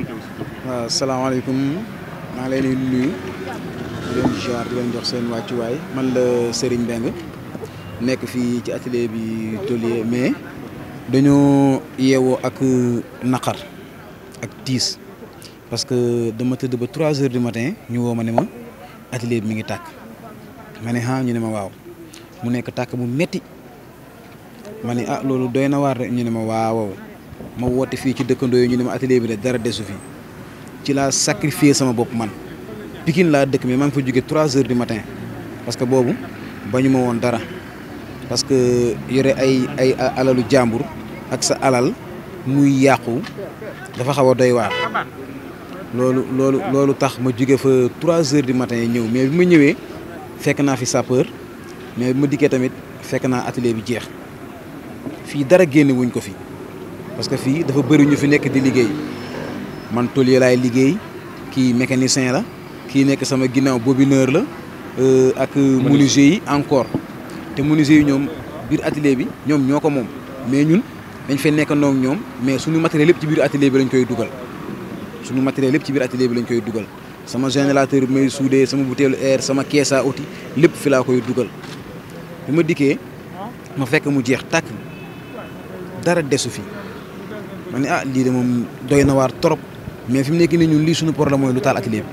présenté aussi. waaw salaamaaleykum maa ngi leen di nuyu di leen jox seen wàccuwaay man la Serigne Mbengue nekk fii ci atelier bi tôlier mais dañoo yeewoo ak naqar ak tiis parce que dama tëdd ba trois heures du matin ñu woo ma ne ma atelier bi mi ngi tàkk ma ne ah ñu ne ma waaw mu nekk tàkk bu metti ma ni ah loolu doy na waar rek ñu ne ma waaw. ma woote fii ci dëkkandoo yi ñu ne ma atelier bi de dara desu fi ci laa sacrifier sama bopp man Pikine laa dëkk mais maa ngi fa jóge trois heures du matin parce que boobu bañu ma woon dara parce que yore ay ay alalu jàmbur ak sa alal muy yàqu dafa xaw a doy waar loolu loolu loolu tax ma jóge fa trois heures du matin ñëw mais bi ma ñëwee fekk naa fi sapeur mais bi ma dikkee tamit fekk naa atelier bi jeex fii dara génne wuñ ko fi parce que fii dafa bëri ñu fi nekk di liggéey man tôlier laay liggéey kii mécanicien la kii nekk sama ginnaaw bobineur la euh, ak menuisier yi encore te menuisier yi ñoom biir atelier bi ñoom ñoo ko moom mais ñun dañ fay nekk noog ñoom mais suñu matériel lépp ci biir atelier bi lañ koy dugal suñu matériel lépp ci biir atelier bi lañ koy dugal sama générateur bi may soudé sama butéelu air sama caisse à lépp fi laa koy dugal bi ma dikkee ma fekk mu jeex tàkk dara desu fi ma ne ah lii de moom doy nawaar waar trop mais fi mu nekk nii ñun lii suñu problème mooy lu taal ak lépp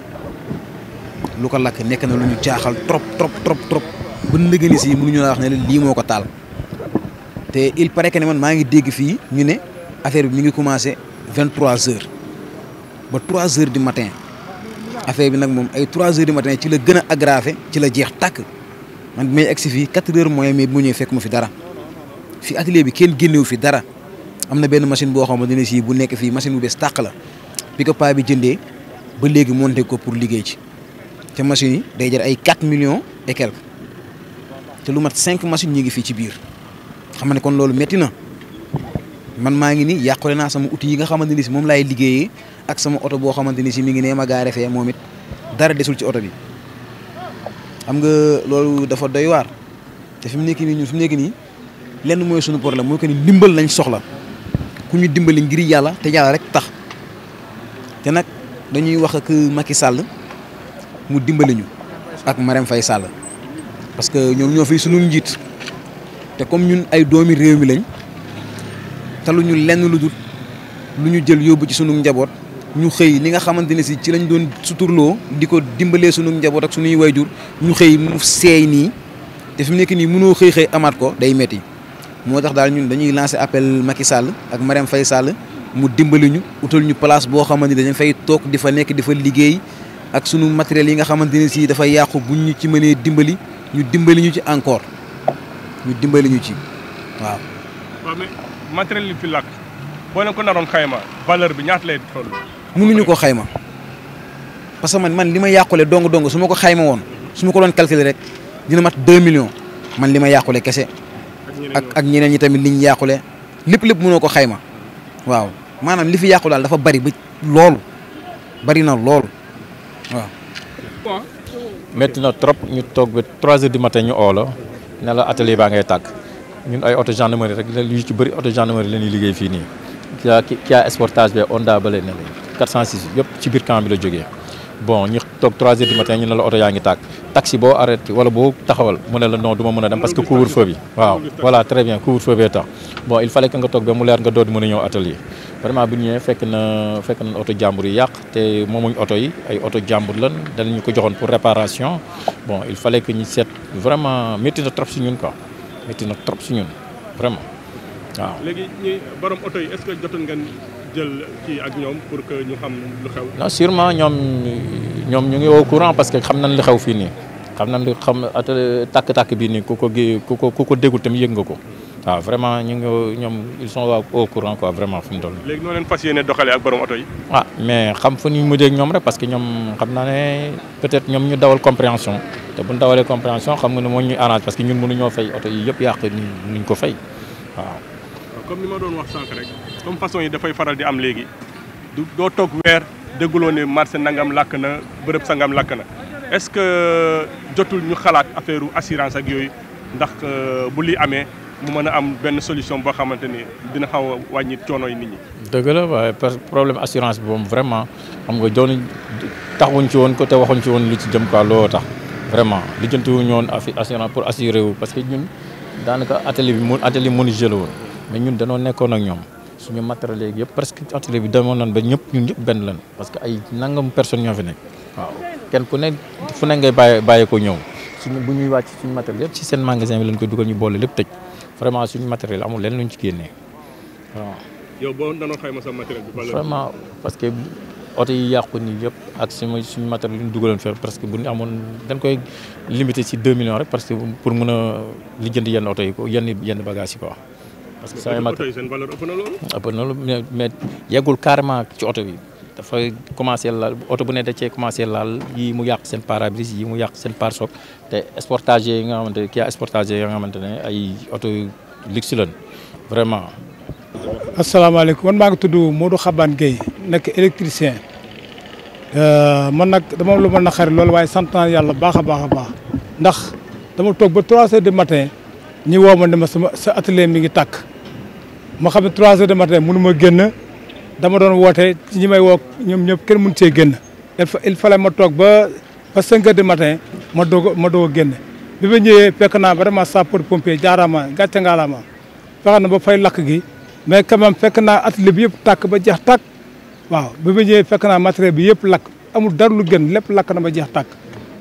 lu ko lakk nekk na lu ñu jaaxal trop trop trop trop ba ndëgëni si mënuñu laa wax ne lii moo ko taal te il paraît que ne man maa ngi dégg fii ñu ne affaire bi mi ngi commencé vingt trois heures ba trois heures du matin affaire bi nag moom ay trois heures du matin ci la gën a aggravé ci la jeex tàkk man bi may egsi fii quatre heures moyen mais bu ñëwee fekk ma fi dara fi atelier bi kenn génnewu fi dara am na benn machine boo xamante ne si bu nekk fii machine bu bees tàq la bi ko paa bi jëndee ba léegi monté ko pour liggéey ci te machines yi day jar ay 4 millions et quelque te lu mat 5 machine ñu ngi fii ci biir xam ne kon loolu métti na man maa ngi ni yàqule naa sama ut yi nga xamante ni si moom laay liggéeyee ak sama oto boo xamante ni si mi ngi nee ma fee moom it dara desul ci oto bi xam nga loolu dafa doy waar te fi mu nekk nii ñun fi nekk nii lenn mooy suñu problème mooy que ni lañ soxla. ku ñu dimbali ngir yàlla te yàlla rek tax te nag dañuy wax ak Macky Sall mu dimbali ñu ak Marème Faye Sall parce que ñoom ñoo fi sunu njiit te comme ñun ay doomi réew mi lañ te ñu lenn lu dul lu ñu jël yóbbu ci sunu njaboot ñu xëy ni nga xamante ne si ci lañ doon suturloo di ko dimbalee sunu njaboot ak sunuy jur ñu xëy mu seey nii te fi mu nekk nii mënoo xëy xëy amaat ko day metti moo tax daal ñun dañuy lancer appel Macky Sall ak Marème Faye Sall mu dimbali ñu utal ñu place boo xamante ni dañ fay toog di fa nekk di fa liggéey ak sunu matériel yi nga xamante ne si dafa yàqu buñ ñu ci mënee dimbali ñu dimbali ñu ci encore ñu dimbali ñu ci waaw. matériel yi fi làkk boo leen ko naroon xayma valeur bi ñaata lay toll. mënuñu ko xayma parce que man man li ma yàqule dong dong su ma ko xayma woon su ma ko doon calculer rek dina mat 2 million man li ma yàqule kese. ak ak ñeneen ñi tamit li ñu yàqule lépp lépp mënoo ko xayma waaw maanaam li fi yàqu daal dafa bari ba lool bari na lool waaw. métti na trop ñu toog ba 3 heures du matin ñu oo la ne atelier baa ngay tàkk ñun ay auto gendarmerie rek yu ci bëri auto gendarmerie la ñuy liggéey fii nii. Kia Kia Sportage bi Honda ba leen ne 406 yëpp ci biir camp bi la jógee. bon ñu toog 3 heures du matin ñu ne la oto yaa ngi tàkk taxi boo arrêté wala boo taxawal mu ne la non du ma mën a dem parce que couvre feu bi waaw voilà très bien couvre feu bee tax bon il fallait que nga toog ba mu leer nga doon mën a ñëw atelier vraiment bi ñu ñëwee fekk na fekk na oto jàmbur yi yàq te moom moomuñ oto yi ay oto jàmbur lan danañu ko joxoon pour réparation bon il fale que ñu seet vraiment métti na trop si ñun ko métti na trop si ñun waaw léegi ñi borom oto yi est-ce que jotoon ngeen jël kii ak ñoom pour que ñu xam lu xew. non sûrement ñoom ñoom ñu ngi au courant parce que xam nañ li xew fii nii xam nañ li xam at tàkk-tàkk bii nii ku ko gi ku ko ku ko déggul tamit nga ko. waaw ñu ngi ñoom ils sont au courant mu toll léegi noo leen fas yéene oto yi. ah mais xam fu ñuy ak ñoom parce que ñoom xam naa ne peut-être ñoom ñu dawal compréhension te bu ñu dawalee compréhension xam nga ne moo ñu arrange parce que ñun mënuñoo fay oto yi yëpp yàq ni ñu ko fay waaw. comme ni ma doon wax sànq rek comme façon yi dafay faral di am léegi du doo toog weer dégguloo ne marché nangam làkk na bërëb sangam làkk na est-ce que jotul ñu xalaat affaire assurance ak yooyu ndax euh, bu li amee mu mën a am benn solution boo xamante ni dina xaw a wàññi coono yi nit ñi. dëgg la waaye problème assurance bi moom vraiment xam nga doon taxuñ ci woon ko te waxuñ ci woon lu ci jëm quoi looloo tax vraiment lijjanti wu ñu woon assurance pour assurer wu parce que ñun daanaka atelier bi mu atelier menuisier la woon. mais ñun danoo nekkoon ak ñoom suñu matériel yeeg yëpp presque atelier bi demoon nañ ba ñëpp ñun ñëpp benn lan parce que ay nangam personne ñoo fi nekk waaw kenn ku ne fu ne ngay bàyyi bàyyi ko ñëw suñu bu ñuy wàcc suñu matériel yëpp ci seen magasin bi lañ koy dugal ñu boole lépp tëj vraiment suñu matériel amul lenn luñ ci génnee waaw. yow boo danoo xayma sa matériel bi. vraiment parce que oto yi yàqu yëpp ak sama suñu matériel yi ñu dugaloon fii parce que bu ñu amoon dañ koy limité ci 2 millions rek parce que pour mën a lijjanti yenn oto yi ko yenn yenn bagages yi quoi. parce que samay mag seen valeur ëpp na loolu. ëpp na ci oto bi dafa commencé laal oto bu ne da cee commencé laal yi mu yàq seen pare-brise yi mu yàq seen pare-choc te sportage yi nga xamante ne kii a sportage xamante ne ay oto luxe lañ vraiment. asalaamaaleykum man maa ngi tudd Modou Xabane Gueye nekk électricien euh, man nag dama lu ma xare loolu waaye sant naa yàlla baax a baax a baax ndax dama toog ba 3 heures du matin. ñi woo ma ne ma sama sa atelier mi ngi takk ma xam ne trois heures de matin mënu ma génn dama doon woote ñi may woo ñoom ñëpp kenn mënu cee génn il fallait ma toog ba ba cinq heures de matin ma doog ma doog génn bi ma ñëwee fekk naa vraiment sapeur pompier jaaraama gàcce ngaalaama fexe na ba fay lakk gi mais quand même fekk naa atelier bi yëpp tàkk ba jeex takk waaw bi ma ñëwee fekk naa matériel bi yëpp lakk amul dara lu gën lépp lakk na ba jeex tàkk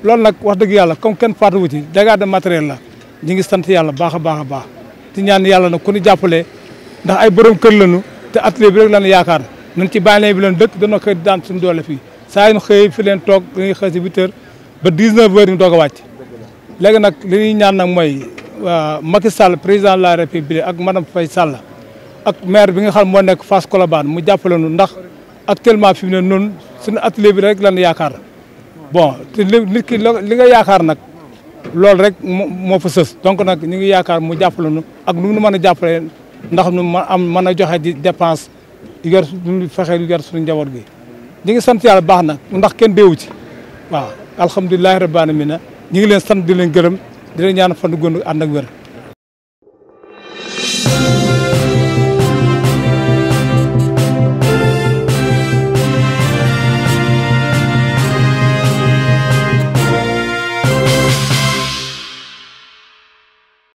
loolu nag wax dëgg yàlla comme kenn faatuwu ci dégâts matériel la ñu ngi sant yàlla baax a baax a baax di ñaan yàlla nag ku ñu jàppale ndax ay borom kër lañu te atelier bi rek lañu yaakaar nañ ci bàyyi bi leen dëkk dañoo xëy daan suñu doole fii saa yu xëy fi leen toog dañuy xëy si 8 heures ba 19 heures ñu doog a wàcc léegi nag li ñaan nag mooy Macky Sall président de la république ak madame Faye Sall ak maire bi nga xam moo nekk Fass baan mu jàppale nu ndax actuellement fi mu ne noonu suñu atelier bi rek lañu yaakaar bon te li nga yaakaar nag loolu rek moo fa sës donc nag ñu ngi yaakaar mu jàppale nu ak nu mu mën a jàppale ndax nu ma am mën a joxe ji dépense yor suñu fexe yor suñu njaboot gi. ñu ngi sant yàlla baax na ndax kenn deewu ci waaw alhamdulilah rabbil aalamiina ñu ngi leen sant di leen gërëm di leen ñaan fan gu ànd ak wér.